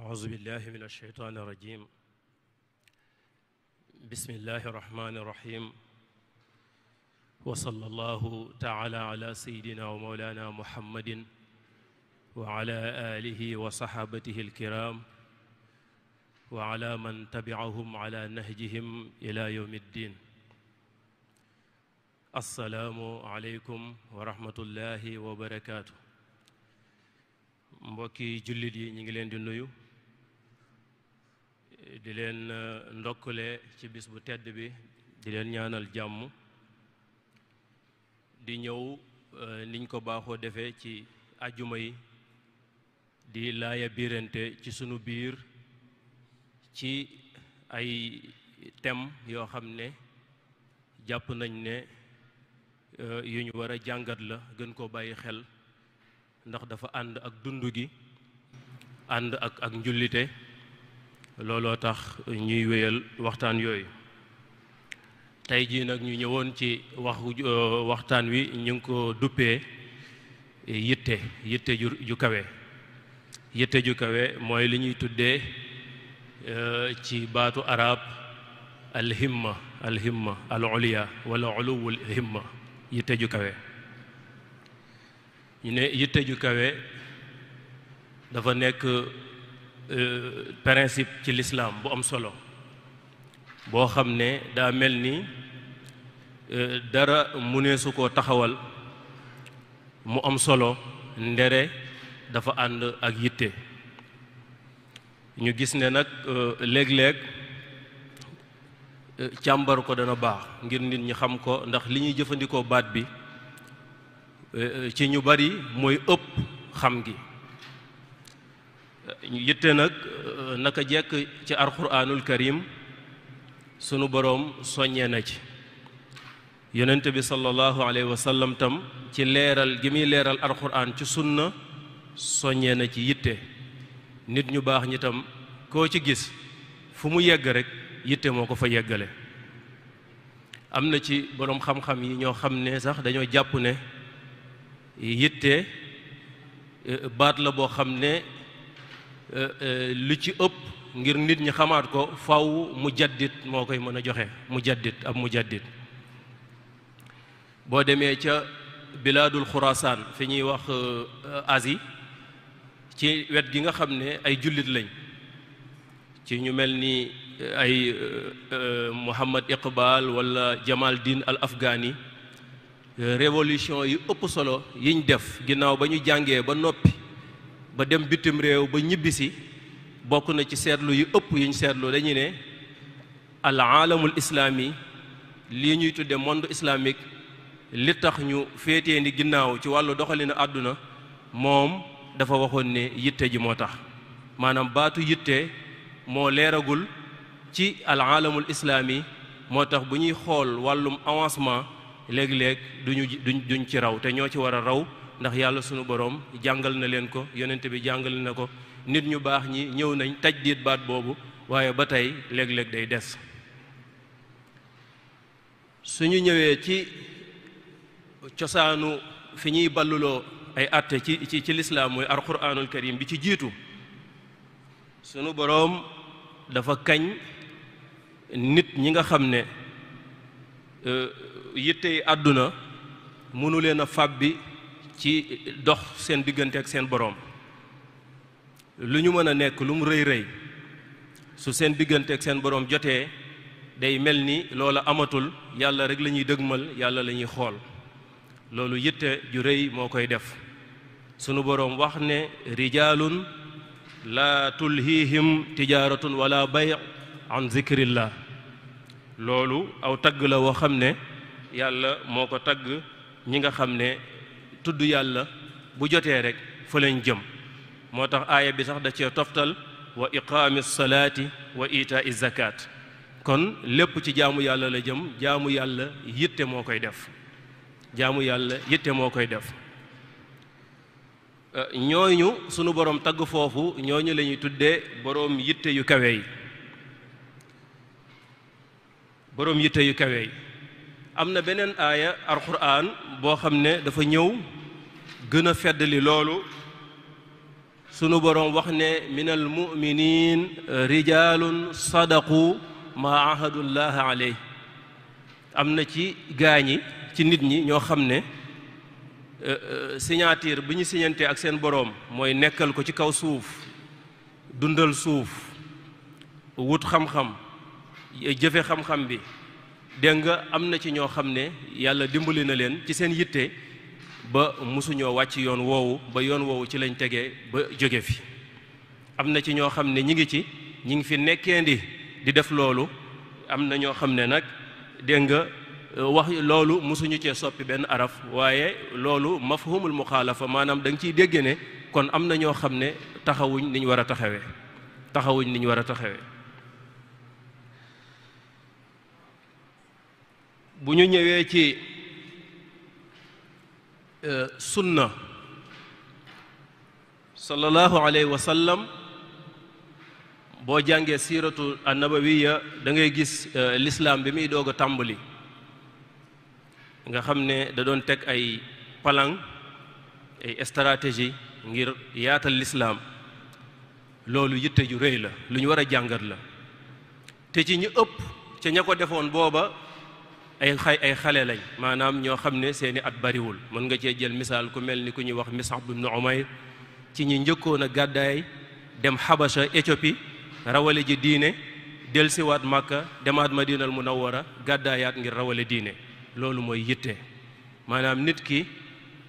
أعوذ بالله من الشيطان الرجيم بسم الله الرحمن الرحيم وصلى الله تعالى على سيدنا ومولانا محمد وعلى آله وصحابته الكرام وعلى من تبعهم على نهجهم إلى يوم الدين assalaamu aleykum wa rahmatullahi wa barakaatu mbokki jullit yi ñu ngi leen di nuyu di leen uh, ndokkule ci bis bu tedd bi di leen ñaanal jàmm di ñëw uh, niñ ko baaxoo defee ci ajuma yi di laaya biirante ci sunu biir ci ay tem yoo xam ne jàpp nañ ne uh, yu ñu war a jàngat la gën koo bàyyi xel ndax dafa ànd ak dund gi ànd ak ak njullite looloo tax ñuy wéyal waxtaan yooyu tey jii nag ñu ñëwoon ci wax euh, waxtaan wi ñu ngi ko duppee yitte yitte ju ju kawe yitte ju kawe mooy li ñuy tuddee euh, ci baatu araab alhimma alhimma al uliya wala uluwul himma yitte ju kawe ñu ne yitte ju kawe dafa nekk Euh, principe ci lislaam bu am solo boo xam ne daa mel ni euh, dara mu ne koo taxawal mu am solo ndere dafa ànd ak yitte ñu gis ne nag euh, léeg-léeg càmbar ko dana baax ngir nit ñi xam ko ndax li ñuy jëfandikoo baat bi ci ñu bari mooy ëpp xam gi ñu yitte nag euh, naka jekk ci alxuraanul karim sunu boroom soññee na ci yonent bi sallallahu alayhi wa sallam tam ci leeral gi muy leeral alxuraan ci sunna soññee na ci yitte nit ñu baax ñi tam koo ci gis fu mu yegg rek yitte moo ko fa yeggale am na ci boroom xam-xam yi ñoo xam ne sax dañoo jàpp ne yitte euh, baat la boo xam ne Euh, euh, lu ci ëpp ngir nit ñi xamaat ko faw mu jaddit moo koy mën a joxe mu jaddit ab mu jaddit boo demee ca bilaadul xuraasaan fi ñuy wax euh, asi ci wet gi nga xam ne ay jullit lañ ci ñu mel ni ay Muhammad Iqbal wala Jamal Din al Afghani révolution yi ëpp solo yiñ def ginnaaw ba ñu jàngee ba noppi ba dem bitim réew ba ñibbisi bokk na ci seetlu yu ëpp yuñ seetlu dañu ne al aalamul islaami lii ñuy tudde monde islamique li tax ñu féete ni ginnaaw ci wàllu doxalinu àdduna moom dafa waxoon ne yitte ji moo tax maanaam baatu yitte moo leeragul ci al aalamul islaami moo tax bu ñuy xool wàllum avancement léeg-léeg duñu duñ duñ ci raw te ñoo ci war a raw ndax yàlla sunu boroom jàngal na leen ko yonent bi jàngal na ko nit ñu baax ñi ñëw nañ taj tajdiid baat boobu waaye ba tey léeg-léeg day des suñu ñëwee ci cosaanu fi ñuy balluloo ay àtte ci ci ci lislaam mooy alquraanul karim bi ci jiitu sunu boroom dafa kañ nit ñi nga xam ne euh, yittey àdduna mënu leen fàbbi ci dox seen diggante ak seen boroom lu ñu mën a nekk lu mu rëy rëy su seen diggante ak seen boroom jotee day mel ni loola amatul yàlla rek lañuy ñuy dëgmal yàlla la ñuy xool loolu yitte ju rëy moo koy def sunu boroom wax ne rijaalun laa tulhiihim tijaaratun wala bay an zikrillah loolu aw tagg la woo xam ne yàlla moo ko tagg ñi nga xam ne tudd yàlla bu jotee rekk fa lañ jëm moo tax aaya bi sax da cee toftal wa iqaami salaati wa itaa zakat kon lépp ci jaamu yàlla la jëm jaamu yàlla yitte moo koy def jaamu yàlla yitte moo koy def euh, ñooñu sunu boroom tagg foofu ñooñu la ñuy tuddee boroom yitte yu kawe yi boroom yitte yu kawe yi am na beneen aaya alxuraan boo xam ne dafa ñëw gën a feddali loolu sunu boroom wax ne minal mu'miniin rijaalun sadaqu maa ahadullaha aley am na ci gaañi ci nit ñi ñoo xam ne euh, euh, signature bi ñu signante ak seen boroom mooy nekkal ko ci kaw suuf dundal suuf wut xam-xam jëfe xam-xam bi dégg nga am na ci ñoo xam ne yàlla dimbali na leen ci seen yitte ba mosuñoo wàcc yoon woowu ba yoon woowu ci lañ tege ba jóge fi am na ci ñoo xam ne ñi ngi ci ñi ngi fi nekkendi di def loolu am na ñoo xam ne nag dégg nga euh, wax loolu mosuñu cee soppi benn araf waaye loolu mafhumul muxaalafa maanaam danga ciy dégg ne kon am na ñoo xam ne taxawuñ ni ñu war a taxawee taxawuñ ni ñu war a taxawee bu ñu ñëwee ci euh, sunna sallallahu alayhi wa sallam boo jàngee siiratu annabawiya da gis euh, lislaam bi muy doog a tàmbali nga xam ne da doon teg ay palan ay stratégie ngir yaatal lislaam loolu yitte ju rëy la lu ñu war a jàngat la te ci ñu ëpp ca ña ko defoon booba ay xay xale lañ maanaam ñoo xam ne seeni at bariwul mën nga cee jël misaal ku mel ni ku ñuy wax Mus'ab ibn Umayr ci ñi njëkkoon a gàddaay dem Xabasa Éthiopie rawale ji diine delsiwaat Màkka demaat ma Madinal Munawwara gàddaayaat ngir rawale diine loolu mooy yitte maanaam nit ki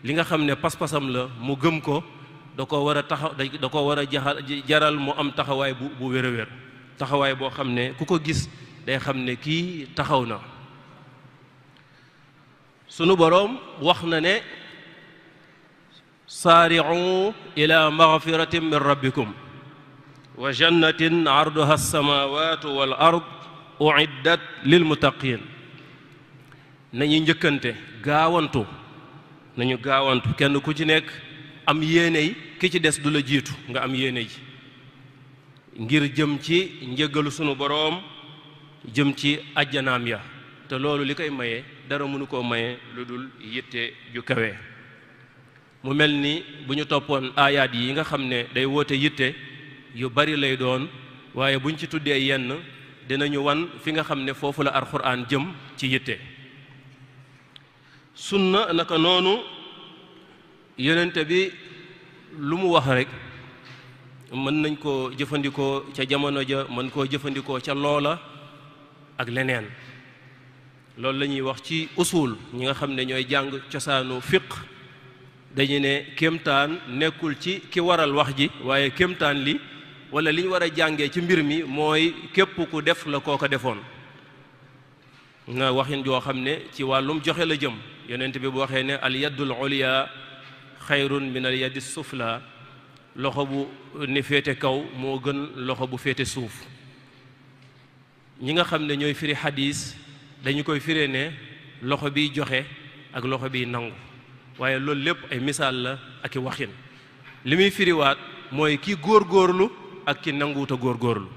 li nga xam ne pas-pasam la mu gëm ko da ko war a taxaw da ko war a jaral mu am taxawaay bu bu wér a taxawaay boo xam ne ku ko gis day xam ne kii taxaw na sunu boroom wax na ne saari'u ila magfiratin min rabbikum wa jannatin arduha alsamawatu wal ard uiddat lilmutaqin nañu njëkkante gaawantu nañu gaawantu kenn ku ci nekk am yéeney ki ci des du la jiitu nga am yéene ji ngir jëm ci njëgalu sunu boroom jëm ci ajjanaam ya te loolu li koy maye dara mënu koo maye lu dul yitte ju kawe mu mel ni bu ñu toppoon aayaat yi nga xam ne day woote yitte yu bari lay doon waaye buñ ci tuddee yenn dinañu wan fi nga xam ne foofu la alxuraan jëm ci yitte sunna naka noonu yonente bi lu mu wax rek mën nañ koo jëfandikoo ca jamono ja mën koo jëfandikoo ca loola ak leneen loolu lañuy wax ci usul ñi nga xam ne ñooy jàng cosaanu fiq dañu ne kéemtaan nekkul ci ki waral wax ji waaye kéemtaan li wala li ñu war a jàngee ci mbir mi mooy képp ku def la ko defoon na waxin joo xam ne ci wàllum joxe la jëm yonent bi bu waxee ne al yaddul ulya xayrun min al sufla loxo bu ne féete kaw moo gën loxo bu féete suuf ñi nga xam ne ñooy firi xadiis dañu koy firee loxo biy joxe ak loxo biy nangu waaye loolu lépp ay misaal la ak waxin li muy firiwaat mooy ki góorgóorlu ak ki nanguwut góor góorlu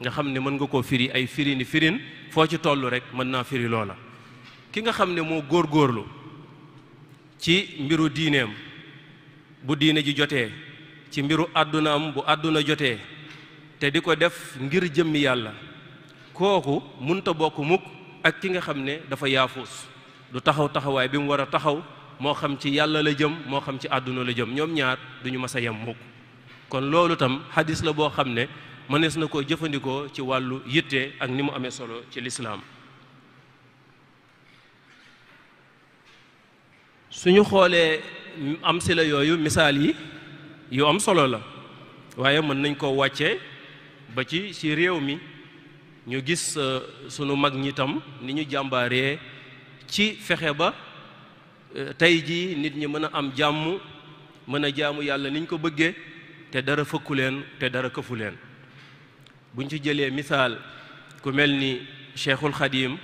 nga xam ne mën nga koo firi ay firi ni firin foo ci toll rek mën naa firiloo la ki nga xam ne moo góor góorlu ci mbiru diineem bu diine ji jotee ci mbiru àddunaam bu àdduna jotee te di ko def ngir jëmmi yàlla kooku munta bokk mukk ak ki nga xam ne dafa yaafuus du taxaw taxawaay bi mu war a taxaw moo xam ci yàlla la jëm moo xam ci àdduna la jëm ñoom ñaar duñu mas a yem mukk kon loolu tam xadis la boo xam ne mënees na koo jëfandikoo ci wàllu yitte ak ni mu amee solo ci lislaam suñu xoolee am si la yooyu misaal yi yu am solo la waaye mën nañ koo wàcce ba ci ci réew mi ñu gis euh, sunu mag ñi ni ñu jàmbaaree ci fexe ba euh, tey jii nit ñi mën a am jàmm mën a jaamu yàlla niñ ko bëggee te dara fëkku leen te dara këfu leen buñ ci jëlee misaal ku mel ni cheikhul xadim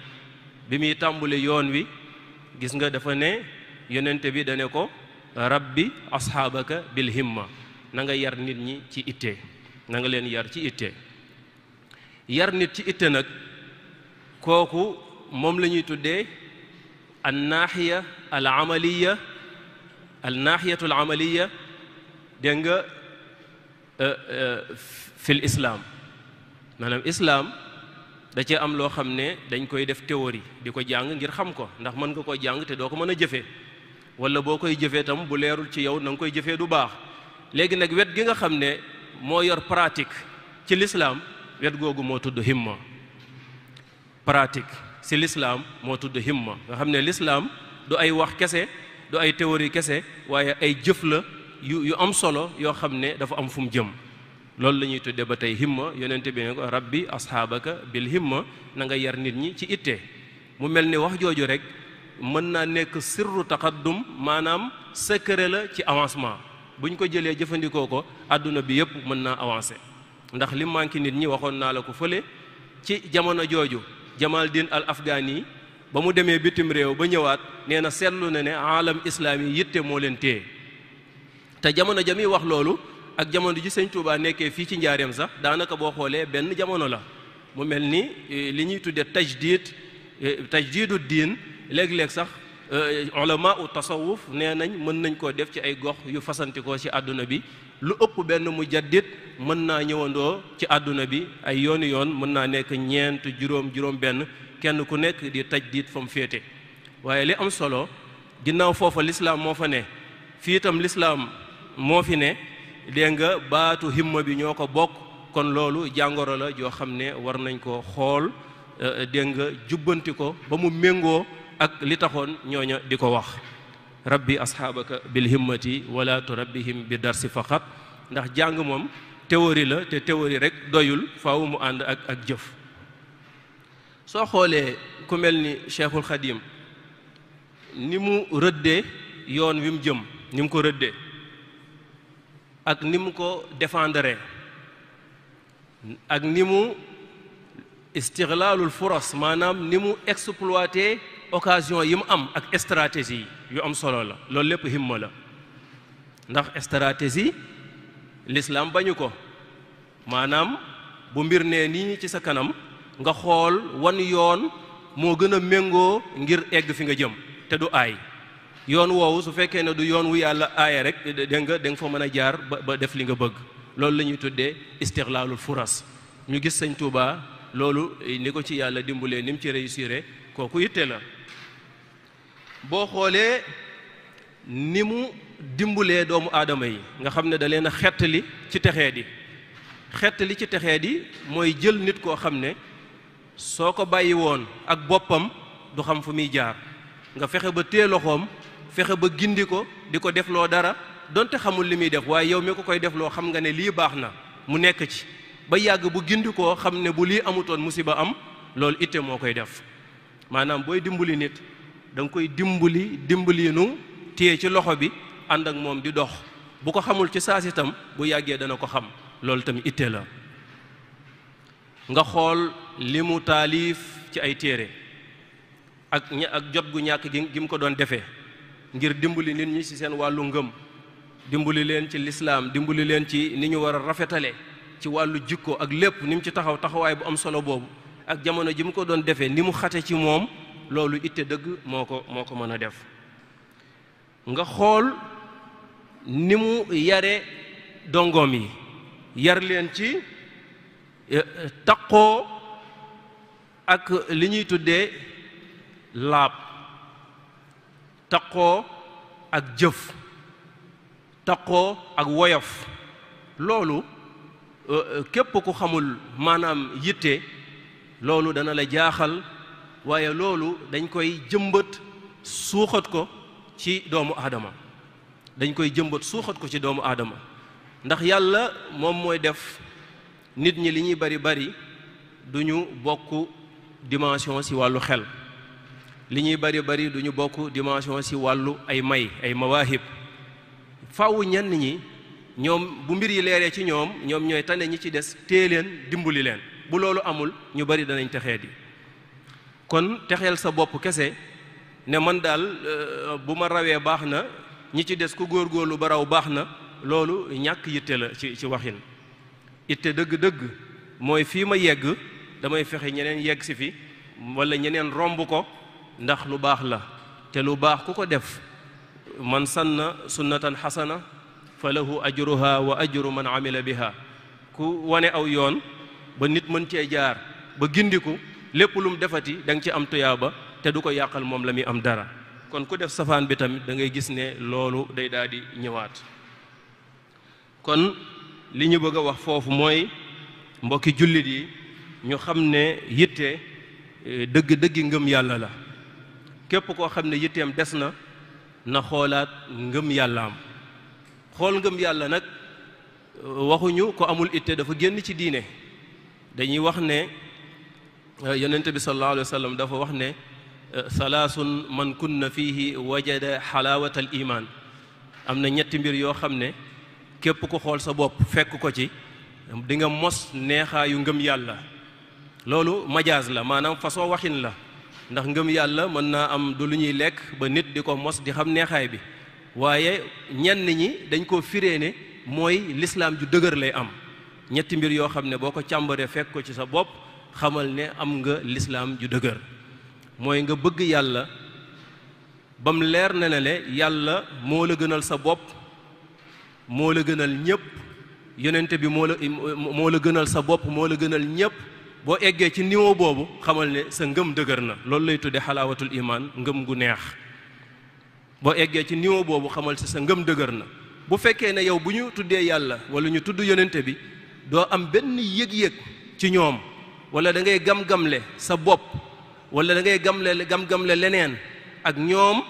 bi muy tàmbule yoon wi gis nga dafa ne yonente bi dane ko rabbi asxaabaka bil himma na nga yar nit ñi ci ite na nga leen yar ci ite yar nit ci itte nag kooku moom la ñuy tuddee al naaxiya al amaliya al naaxiyatu nga euh, euh, fil islaam maanaam islaam da cee am loo xam ne dañ koy def théorie di ko jàng ngir xam ko ndax mën nga koo jàng te doo ko mën a jëfee wala boo koy jëfee tam bu leerul ci yow nang koy jëfee du baax léegi nag wet gi nga xam ne moo yor pratique ci lislaam wet googu moo tudd himma pratique si lislaam moo tudd himma nga xam ne lislaam du ay wax kese du ay théorie kese waaye ay jëf la yu yu am solo yoo xam ne dafa am fu mu jëm loolu la ñuy tuddee ba tey himma yonente bi ne ko rabbi asxaabaka bil himma na nga yar nit ñi ci itte mu mel ni wax jooju rek mën naa nekk sirru taqaddum maanaam secret la ci avancement buñ ko jëlee jëfandikoo ko àdduna bi yëpp mën naa avancer ndax li manqué nit ñi waxoon naa la ko fële ci jamono jooju Jamal Din al Afghani ba mu demee bitim réew ba ñëwaat nee na seetlu na ne alam islaam yi yitte moo leen téye te jamono ja muy wax loolu ak jamono ji sëñ Touba nekkee fii ci njaareem sax daanaka boo xoolee benn jamono la mu mel ni eh, li ñuy tudde tajdid eh, tajdidu diin léeg-léeg sax Euh, ulama u tasawuf nee nañ mën nañ koo def ci ay gox yu fasantikoo ci àdduna bi lu ëpp benn mu mujaddid mën naa ñëwandoo ci àdduna bi ay yoonu yoon mën naa nekk ñeent juróom juróom benn kenn ku nekk di tajdiid fa mu féete waaye li am solo ginnaaw foofa lislaam moo fa ne fii tam lislaam moo fi ne dégg nga baatu himma bi ñoo ko bokk kon loolu jàngoro la joo xam ne war nañ ko xool euh, dégg nga jubbanti ko ba mu méngoo ak li taxoon ñooña di ko wax rabbi asxaabaka bil himmati wala turabbihim bi darsi faqat ndax jàng moom théorie la te théorie rek doyul faaw mu ànd ak ak jëf soo xoolee ku mel ni cheikhul xadim ni mu rëddee yoon wi mu jëm ni mu ko rëddee ak ni mu ko défendre ak ni mu istighlaalul furas maanaam ni mu exploité occasion yi mu am ak stratégie yu am solo la loolu lépp himma la ndax stratégie l'islam bañu ko maanaam bu mbir nee nii ci sa kanam nga xool wan yoon moo gën a méngoo ngir egg fi nga jëm te du aay yoon woowu su fekkee ne du yoon wu yàlla aaya rek dégg danga da fa mën a jaar ba ba def li nga bëgg loolu la ñuy tuddee istixlaalul furas ñu gis sañ Tuuba loolu ni ko ci yàlla dimbalee ni mu ci réussiré kooku yitte la boo xoolee ni mu dimbulee doomu aadama yi nga xam ne da leen a xettali ci texee di li ci texe di mooy jël nit koo xam ne soo ko bàyyi woon ak boppam du xam fu muy jaar nga fexe ba téye loxoom fexe ba gindi ko di ko defloo dara donte xamul li muy def waaye yow mi ko koy loo xam nga ne lii baax na mu nekk ci ba yàgg bu gindi koo xam ne bu lii amutoon musiba am loolu ite moo koy def maanaam booy dimbali nit danga koy dimbali dimbali nu téye ci loxo bi ànd ak moom di dox bu ko xamul ci saas itam bu yàggee dana ko xam loolu tamit itte la nga xool li mu taalif ci ay téere ak ña ak jot gu ñàkk gi gi mu ko doon defee ngir dimbali nit ñi ci seen wàllu ngëm dimbali leen ci lislaam dimbali leen ci ni ñu war a rafetale ci wàllu jikko ak lépp ni mu ci taxaw taxawaay bu am solo boobu ak jamono ji mu ko doon defee ni mu xate ci moom loolu itte dëgg moo ko moo ko mën a def nga xool ni mu yare dongoom yi yar leen ci e, taqoo ak li ñuy tuddee laab taqoo ak jëf taqoo ak woyof loolu e, e, képp ku xamul maanaam yitte loolu dana la jaaxal waaye loolu dañ koy jëmbat suuxat ko ci doomu aadama dañ koy jëmbat suuxat ko ci doomu aadama ndax yàlla moom mooy def nit ñi li ñuy bari bari du ñu bokk dimension ci wàllu xel li ñuy bari bari du bokk dimension ci wàllu ay may ay mawaahib faaw ñenn ñi ñoom bu mbir yi leeree ci ñoom ñoom ñooy tane ñi ci des tée leen dimbali leen bu loolu amul ñu bari danañ texee di kon texeel sa bopp kese ne man daal euh, bu ma rawee baax na ñi ci des ku góorgóorlu ba raw baax na loolu ñàkk yitte la ci waxin itte dëgg-dëgg mooy fii ma yegg damay fexe ñeneen yegg si fi walla ñeneen romb ko ndax lu baax la te lu baax ku ko def man sanna sunnatan xasana fa lahu ajruha wa ajru man amila biha ku wane aw yoon ba nit mën cee jaar ba gindiku lépp lu defati da ci am tuyaaba te du ko yàqal moom la muy am dara kon ku def safaan bi tamit da ngay gis ne loolu day daal di ñëwaat kon li ñu bëgg a wax foofu mooy mbokki jullit yi ñu xam ne yitte eh, dëgg-dëggi ngëm yàlla la képp koo xam ne yitteem des na na xoolaat ngëm yàllaam xool ngëm yàlla nag eh, waxuñu ko amul itte dafa génn ci diine dañuy wax ne Euh, yonent bi sallallahu alayhi wa sallam dafa wax ne euh, salaasun man kunna fii wajada xalaawatal imaan am na ñetti mbir yoo xam ne képp ku xool sa bopp fekk ko ci dinga mos neexaayu ngëm yàlla loolu majaas la maanaam façon waxin la ndax ngëm yàlla mën naa am du lu ñuy lekk ba nit di ko mos di xam neexaay bi waaye ñenn ñi dañ koo firee ne mooy lislaam ju dëgër lay am ñetti mbir yoo xam ne boo ko càmbaree fekk ko ci sa bopp xamal ne am nga lislaam ju dëgër mooy nga bëgg yàlla bam leer na ne le yàlla moo la gënal sa bopp moo la gënal ñëpp yonente bi moo la gënal sa bopp moo la gënal ñëpp boo eggee ci niveau boobu xamal ne sa ngëm dëgër na loolu lay tuddee xalaawatul imaan ngëm gu neex boo eggee ci niveau boobu xamal si sa ngëm dëgër na bu fekkee ne yow bu ñu tuddee yàlla wala ñu tudd yonente bi doo am benn yëg-yëg ci ñoom wala da ngay gam-gamle sa bopp wala da ngay gamle gam-gamle leneen ak ñoom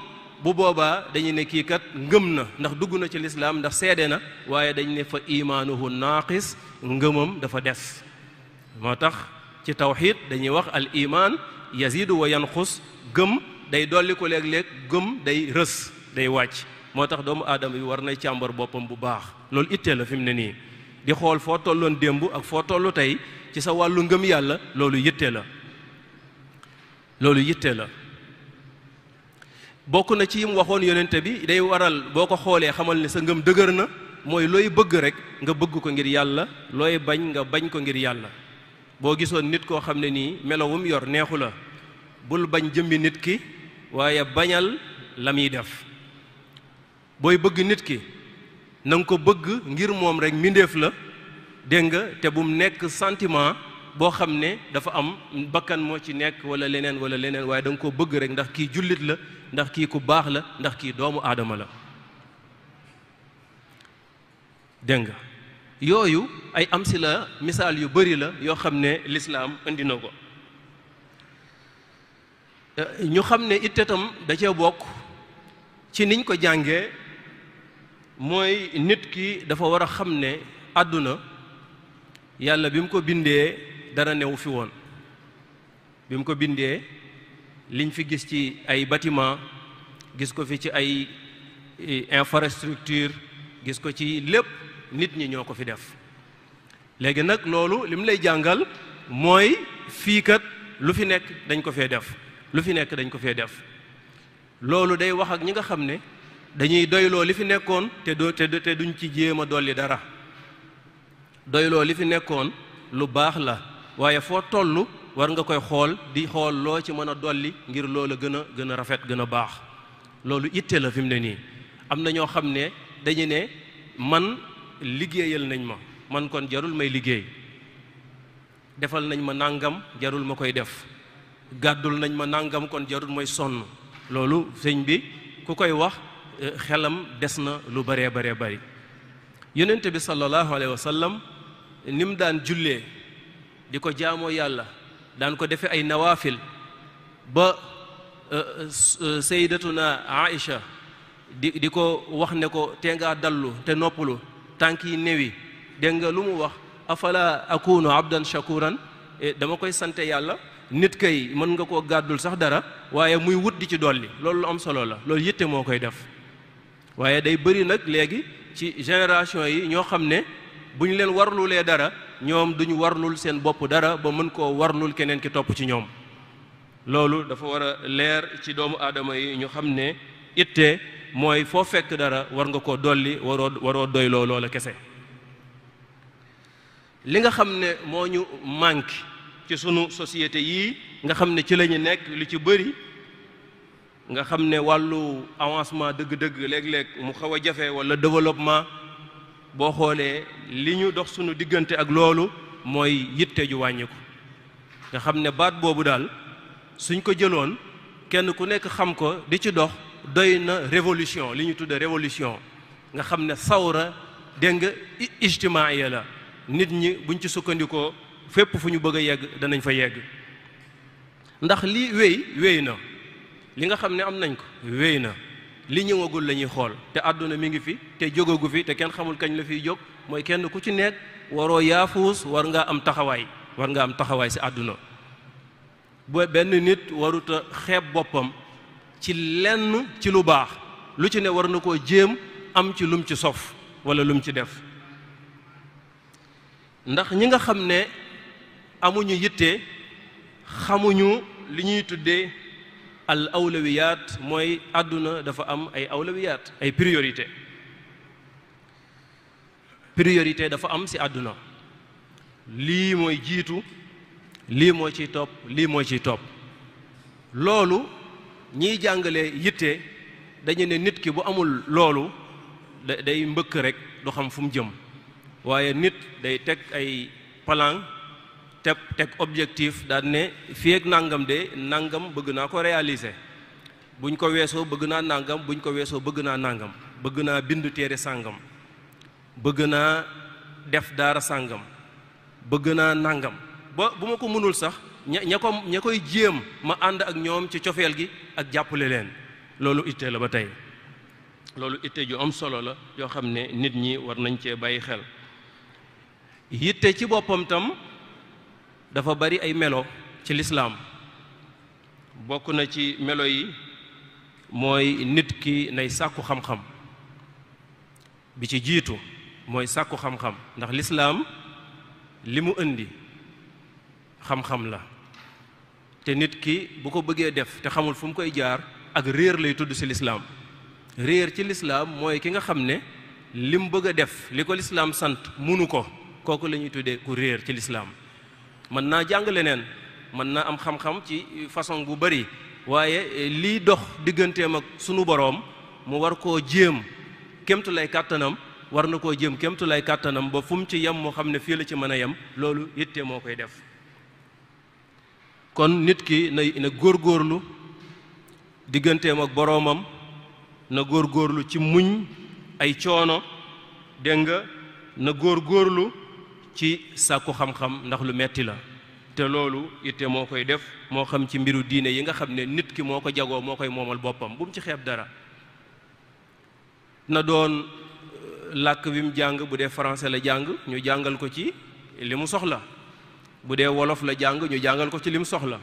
bu boobaa dañu ne kii kat ngëm na ndax dugg na ci lislaam ndax seede na waaye dañu ne fa imaanuhu naaqis ngëmam dafa des moo tax ci tawxid dañuy wax al iman yazidu wa yanqus gëm day dolli ko léeg-léeg gëm day rës day wàcc moo tax doomu aadama bi war nay càmbar boppam bu baax loolu ittee la fi mu ne nii di xool foo tolloon démb ak foo toll tey ci sa wàllu ngëm yàlla loolu yitte la loolu yitte la bokk na ci yim waxoon yonente bi day waral boo ko xoolee xamal ne sa ngëm dëgër na mooy looy bëgg rek nga bëgg ko ngir yàlla looy bañ nga bañ ko ngir yàlla boo gisoon nit koo xam ne nii melowum yor neexu la bul bañ jëmmi nit ki waaye bañal la muy def booy bëgg nit ki nang ko bëgg ngir moom rek mbindeef la dégg nga te bu mu nekk sentiment boo xam ne dafa am bakkan moo ci nekk wala leneen wala leneen waaye da nga koo bëgg rek ndax kii jullit la ndax kii ku baax la ndax kii doomu aadama la dégg nga yooyu ay am si la misaal yu bari la yoo xam ne lislaam indi na ko eh, ñu xam ne itte tam da cee bokk ci niñ ko jàngee mooy nit ki dafa war a xam ne àdduna yàlla bi mu ko bindee dara newu fi woon bi mu ko bindee liñ fi gis ci ay bâtiment gis ko fi ci ay eh, infrastructure gis ko ci lépp nit ñi ñoo ko fi def léegi nag loolu li mu lay jàngal mooy fii kat lu fi nekk dañ ko fee def lu fi nekk dañ ko fee def loolu day wax ak ñi nga xam ne dañuy doyloo li fi nekkoon te doo te duñ ci jéem a dolli dara doyloo li fi nekkoon lu baax la waaye foo toll war nga koy xool di xool loo ci mën a dolli ngir a gën a gën a rafet gën a baax loolu ite la fi mu ne nii am na ñoo xam ne dañu ne man liggéeyal nañ ma man kon jarul may liggéey defal nañ ma nàngam jarul ma koy def gàddul nañ ma nàngam kon jarul mooy sonn loolu sëñ bi ku koy wax eh, xelam des na lu baree baree bari yonent bi sallallahu alayhi wa ni mu daan jullee di ko jaamoo yàlla daan ko defee ay nawaafil ba euh, euh, euh, sayyidatuna Aïcha di di ko wax ne ko te ngaa dallu te noppalu tànk yi néewi dégg nga lu mu wax afala akunu abdan shakuran eh, dama koy sante yàlla nit kay mën nga koo gàddul sax dara waaye muy wut di ci dolli loolu lu am solo la loolu yitte moo koy def waaye day bëri nag léegi ci génération yi ñoo xam ne bu ñu leen warlulee dara ñoom duñu warlul seen bopp dara ba mën koo warlul keneen ki topp ci ñoom loolu dafa war a leer ci doomu aadama yi ñu xam ne itte mooy foo fekk dara war nga koo dolli waroo waroo doy loola kese li nga xam ne moo ñu manque ci sunu société yii nga xam ne ci la ñu nekk lu ci bëri nga xam ne wàllu avancement dëgg-dëgg léeg-léeg mu xaw a jafe walla développement boo xoolee li ñu dox suñu diggante ak loolu mooy yitte ju wàññiku nga xam ne baat boobu daal suñ ko jëloon kenn ku nekk xam ko di ci dox doy na révolution li ñu tudde révolution nga xam ne sawra dégg nga ijtimaaya la nit ñi buñ ci sukkandikoo fépp fu ñu bëgg a yegg danañ fa yegg ndax li wéy wéy na li nga xam ne am nañ ko wéy na li ñëwagul la ñuy xool te àdduna mi ngi fi te jógagu fi te kenn xamul kañ la fiy jóg mooy kenn ku ci nekk waroo yaafuus war ngaa am taxawaay war ngaa am taxawaay si àdduna bu benn nit waruta xeeb boppam ci lenn ci lu baax lu ci ne war na koo jéem am ci lum ci sof wala lum ci def ndax ñi nga xam ne amuñu yitte xamuñu li ñuy tuddee al awlawiyaat mooy àdduna dafa am ay awlawiyaat ay priorité priorité dafa am si àdduna lii mooy jiitu lii moo ciy topp lii moo ciy topp loolu ñiy jàngale yitte dañu ne nit ki bu amul loolu day mbëkk rek du xam fu mu jëm waaye nit day teg ay palang teg objectif daan ne fii ak nangam de nangam bëgg naa ko réaliser buñ ko weesoo bëgg naa nangam buñ ko weesoo bëgg naa nangam bëgg naa bindu téere sàngam bëgg naa def daara sàngam bëgg naa nangam ba bu ma ko mënul sax ña ko ña koy jéem ma ànd ak ñoom ci cofeel gi ak jàppale leen loolu itte la ba tey loolu ite ju am solo la yoo xam ne nit ñi war nañ cee bàyyi xel yitte ci boppam tam dafa bari ay melo ci lislaam bokk na ci melo yi mooy nit ki nay sàkku xam-xam bi ci jiitu mooy sàkku xam-xam ndax lislaam li mu indi xam-xam la te nit ki bu ko bëggee def te xamul fu mu koy jaar ak réer lay tudd ci lislaam réer ci lislaam mooy ki nga xam ne li mu bëgg a def li ko lislaam sant munu ko kooku la ñuy tuddee ku réer ci lislaam mën naa jàng leneen mën naa am xam-xam ci façon bu bari waaye eh, lii dox digganteem ak sunu boroom mu war koo jéem kémtu lay kàttanam war na koo jéem kémtu lay kàttanam ba fu ci yam moo xam ne fii la ci mën a yem loolu yitte moo koy def kon nit ki na na góorgóorlu digganteem ak boroomam na góor góorlu ci muñ ay coono dégg nga na góorlu ci sàkku xam-xam ndax lu metti la te loolu itte moo koy def moo xam ci mbiru diine yi nga xam ne nit ki moo ko jagoo moo koy moomal boppam bu mu ci xeeb dara na doon euh, làkk bi mu jàng bu dee français la jàng ñu jàngal ko ci li mu soxla bu dee wolof la jàng ñu jàngal ko ci li mu soxla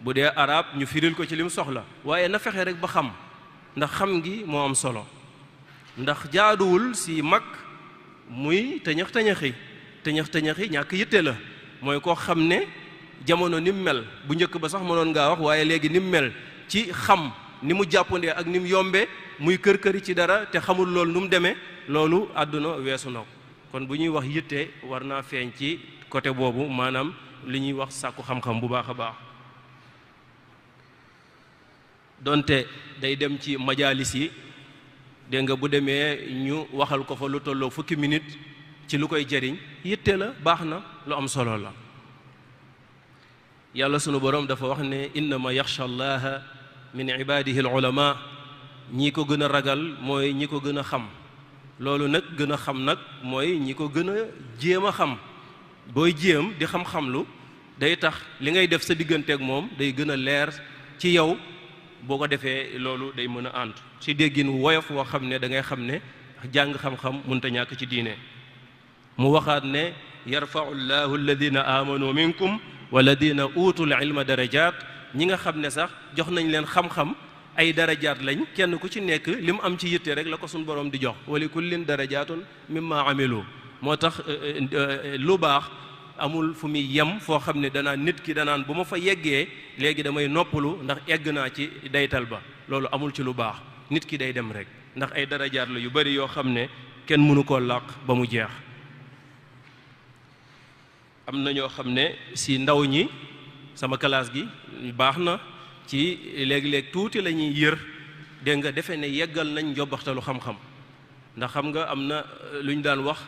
bu dee arab ñu firil ko ci li mu soxla waaye na fexe rek ba xam ndax xam ngi moo am solo ndax jaaduwul si mag muy tëñëx tëñëxi tëñax tëñëxi ñàkk yitte la mooy koo xam ne jamono ni mu mel bu njëkk ba sax monoon ngaa wax waaye léegi ni mu mel ci xam ni mu jàppandee ak ni mu yombee muy kër këri ci dara te xamul loolu nu mu demee loolu àdduna weesu na ko kon bu ñuy wax yitte war naa feeñ ci côté boobu maanaam li ñuy wax sàkku xam-xam bu baax a baax donte day dem ci majalis yi dégg nga bu demee ñu waxal ko fa lu tolloo fukki minute ci lu koy jariñ yitte la baax na lu am solo la yàlla sunu boroom dafa wax ne innama yaxsha allaha min ibadihi al ulama ñi ko gën a ragal mooy ñi ko gën a xam loolu nag gën a xam nag mooy ñi ko gën a jéem a xam booy jéem di xam-xam lu day tax li ngay def sa diggante ak moom day gën a leer ci yow boo ko defee loolu day mën a ànd ci déggin woyof woo xam ne dangay xam ne jàng xam-xam mënta ñàkk ci diine mu waxaat ne yarfau llahu alladina amanu minkum walladina utul ilma darajat ñi nga xam ne sax jox nañ leen xam-xam ay darajaat lañ kenn ku ci nekk li mu am ci yitte rek la ko suñ borom di jox wali kullin darajatun mimma amilu moo tax euh, euh, euh, lu baax amul fu muy yem foo xam ne danaa nit ki danaan bu ma fa yeggee léegi damay noppalu ndax egg naa ci daytal ba loolu amul ci lu baax nit ki day dem rek ndax ay darajaat la yu bari yoo xam ne kenn mënu koo làq ba mu jeex am na ñoo xam ne si ndaw ñi sama classe gi baax na ci léeg-léeg tuuti la ñuy yër dégg nga defe ne yeggal nañ njobbaxtalu xam-xam ndax xam nga am na euh, lu ñu daan wax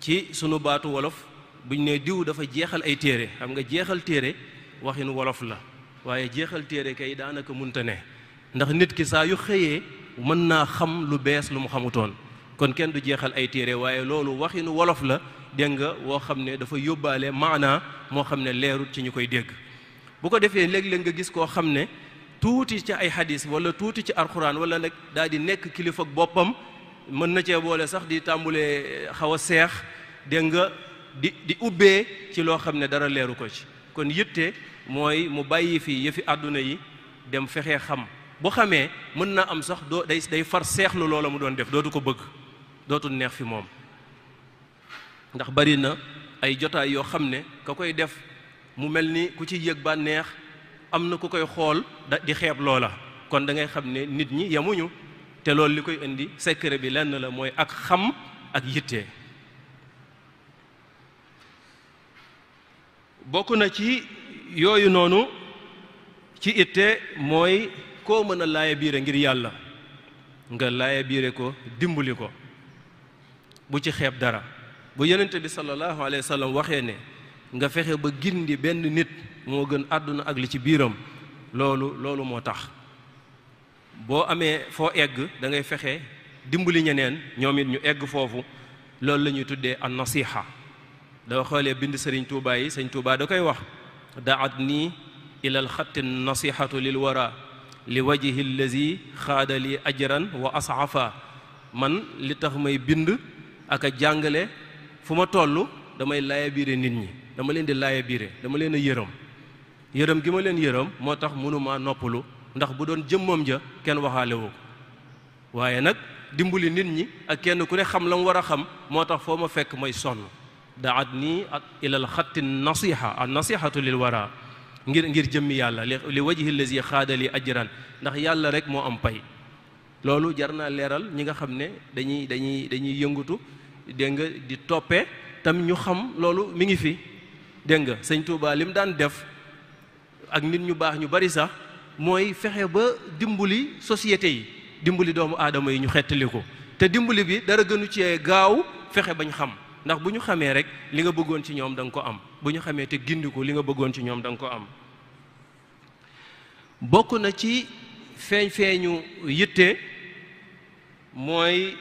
ci sunu baatu wolof bu ñu nee diw dafa jeexal ay téere xam nga jeexal téere waxin wolof la waaye jeexal téere kay daanaka munta ne ndax nit ki saa yu xëyee mën naa xam lu bees lu mu xamutoon kon kenn du jeexal ay téere waaye loolu waxinu wolof la dégg nga woo xam ne dafa yóbbaale maanaa moo xam ne leerut ci ñu koy dégg bu ko defee léeg-léeg nga gis koo xam ne tuuti ci ay xadis wala tuuti ci alxuraan wala nag daal di nekk kilifa boppam mën na cee boole sax di tàmbulee xaw a seex dégg nga di di ubbee ci loo xam ne dara leeru ko ci kon yitte mooy mu bàyyi fi yëfi àdduna yi dem fexee xam bu xamee mën naa am sax doo day far seexlu loola mu doon def dootu ko bëgg dootul neex fi moom ndax bari na ay jotaay yoo xam ne ka koy def mu mel ni ku ci yëg bànneex am na ku koy xool da di xeeb loola kon dangay xam ne nit ñi yemuñu te loolu li koy indi secret bi lenn la mooy ak xam ak yitte bokk na ci yooyu noonu ci itte mooy koo mën a laaya biire ngir yàlla nga laaya biire ko dimbali ko bu ci xeeb dara bu yonent bi sallallahu alayhi wa sallam waxee ne nga fexe ba gin gindi benn nit moo gën àdduna ak li ci biiram loolu loolu moo tax boo amee foo egg dangay ngay fexe dimbali ñeneen ñoom it ñu egg foofu loolu la ñuy tuddee an nasiha doo xoolee bind sëriñ tuubaa yi sëñ tuubaa da koy wax daat nii ilal xatti nasihatu lil wara li wajihi allazi xaadali ajran wa asafa man li tax may bind ak a jàngale fu ma toll damay laaya biire nit ñi dama leen di laaya biire dama leen a yërëm yërëm gi ma leen yërëm moo tax mënumaa noppalu ndax bu doon jëmmam ja kenn waxaalewoo ko waaye nag dimbali nit ñi ak kenn ku ne xam la mu war a xam moo tax foo ma fekk may sonn daat nii ak ilal xatti nasiha an nasihatu lil wara ngir ngir jëmmi yàlla li wajhi lazi xaadali ajran ndax yàlla rek moo am pay loolu jar naa leeral ñi nga xam ne dañuy dañuy dañuy yëngutu dégg nga di toppe tamit ñu xam loolu mi ngi fi dégg nga sëñ Touba daan def ak nit ñu baax ñu bari sax mooy fexe ba dimbali société yi dimbali doomu aadama yi ñu xettali ko te dimbali bi dara gënu ci gaaw fexe bañ xam ndax bu ñu xamee rek li nga bëggoon ci ñoom danga ko am bu ñu xamee te gindi ko li nga bëggoon ci ñoom danga nga ko am bokk na ci feeñ feeñu yitte mooy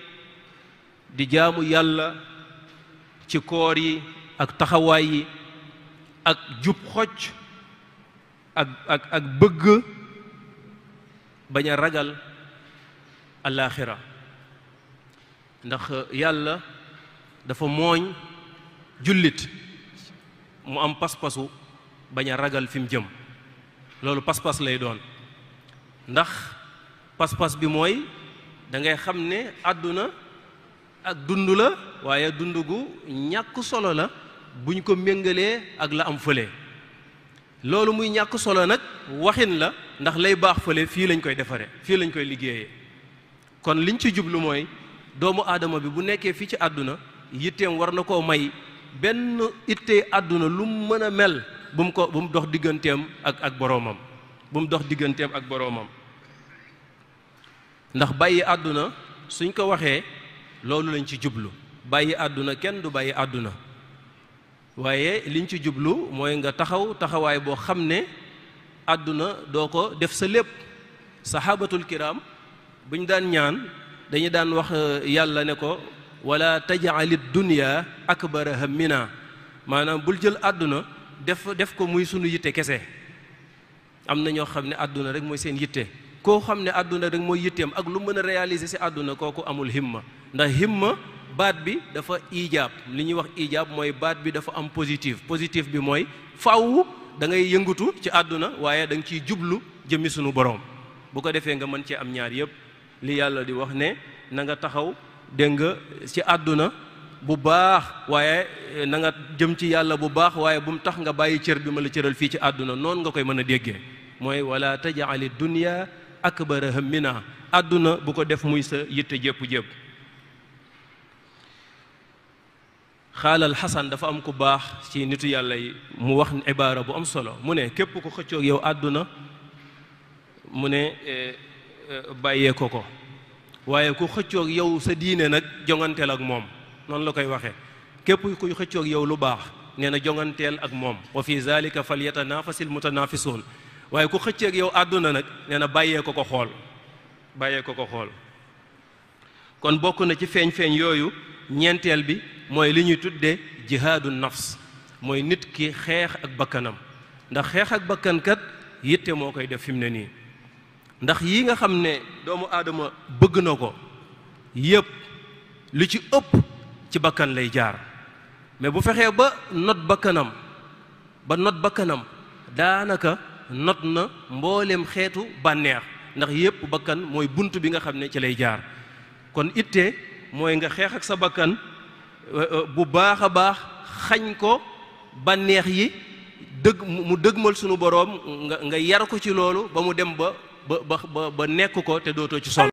di jaamu yàlla ci koor yi ak taxawaay yi ak jub xocc ak ak ak bëgg bañ a ragal alaaxira ndax yàlla dafa mooñ jullit mu am pas bañ a ragal fi mu jëm loolu pas lay doon ndax pas bi mooy da ngay xam ne àdduna ak dund la waaye dund gu ñàkk solo la buñ ko méngalee ak la am fële loolu muy ñàkk solo nag waxin la ndax lay baax fële fii lañ koy defare fii lañ koy liggéeye kon liñ ci jublu mooy doomu aadama bi bu nekkee fii ci àdduna yitteem war na koo may benn ittee àdduna lu mën a mel bu mu ko dox digganteem ak ak boroomam bu mu dox digganteem ak boroomam ndax bàyyi àdduna suñ ko waxee loolu lañ ci jublu bàyyi àdduna kenn du bàyyi àdduna waaye liñ ci jublu mooy nga taxaw taxawaay boo xam ne àdduna doo ko def sa lépp saxaabatul kiram bu ñu daan ñaan dañu daan wax euh, yàlla ne ko wala tajaalid dunya akbara hammina maanaam bul jël àdduna def def ko muy sunu yitte kese am na ñoo xam ne àdduna rek mooy seen yitte koo xam ne àdduna rek mooy yitteem ak lu mën a réaliser si àdduna kooku amul himma ndax himma baat bi dafa ijaab li ñuy wax ijaab mooy baat bi dafa am positif positif bi mooy faaw da ngay yëngatu ci àdduna waaye da nga ciy jublu jëmmi sunu borom bu ko defee nga mën cee am ñaar yëpp li yàlla di wax ne na nga taxaw dégg nga ci àdduna bu baax waaye eh, na nga jëm ci yàlla bu baax waaye bu mu tax nga bàyyi cër bi ma la cëral fii ci àdduna noonu nga koy mën a déggee mooy wala tajali dunya akbara hammina àdduna bu ko def muy sa yitte jépp-jépp xaalal xasan dafa am ku baax ci nitu yàlla yi mu wax ibaara bu am solo mu ne képp ku xëccoog yow àdduna mu ne eh, eh, bàyyee ko ko waaye ku xëccook yow sa diine nag jonganteel ak moom noonu la koy waxe képp kuy xëccook yow lu baax nee na jonganteel ak moom wa fi zalika fal yatanafasil mutanafisun waaye ku xëcceeg yow àdduna nag nee na bàyyee ko ko xool bàyyee ko ko xool kon bokk na ci feeñ-feeñ yooyu ñeenteel bi mooy li ñuy tudde jihaadu nafs mooy nit ki xeex ak bakkanam ndax xeex ak bakkankat yitte moo koy def fi mu ne nii ndax yi nga xam ne doomu aadama bëgg na ko yépp lu ci ëpp ci bakkan lay jaar mais bu fexee ba not bakkanam ba not bakkanam daanaka not na mboolem xeetu bànneex ndax yépp bakkan mooy bunt bi nga xam ne ci lay jaar kon itte mooy nga xeex ak sa bakkan Euh, euh, bu baax a baax xañ ko bànneex yi dëgg mu dëgmal sunu boroom nga nga yar ko ci loolu ba mu dem ba ba ba ba nekk ko te dootoo ci sol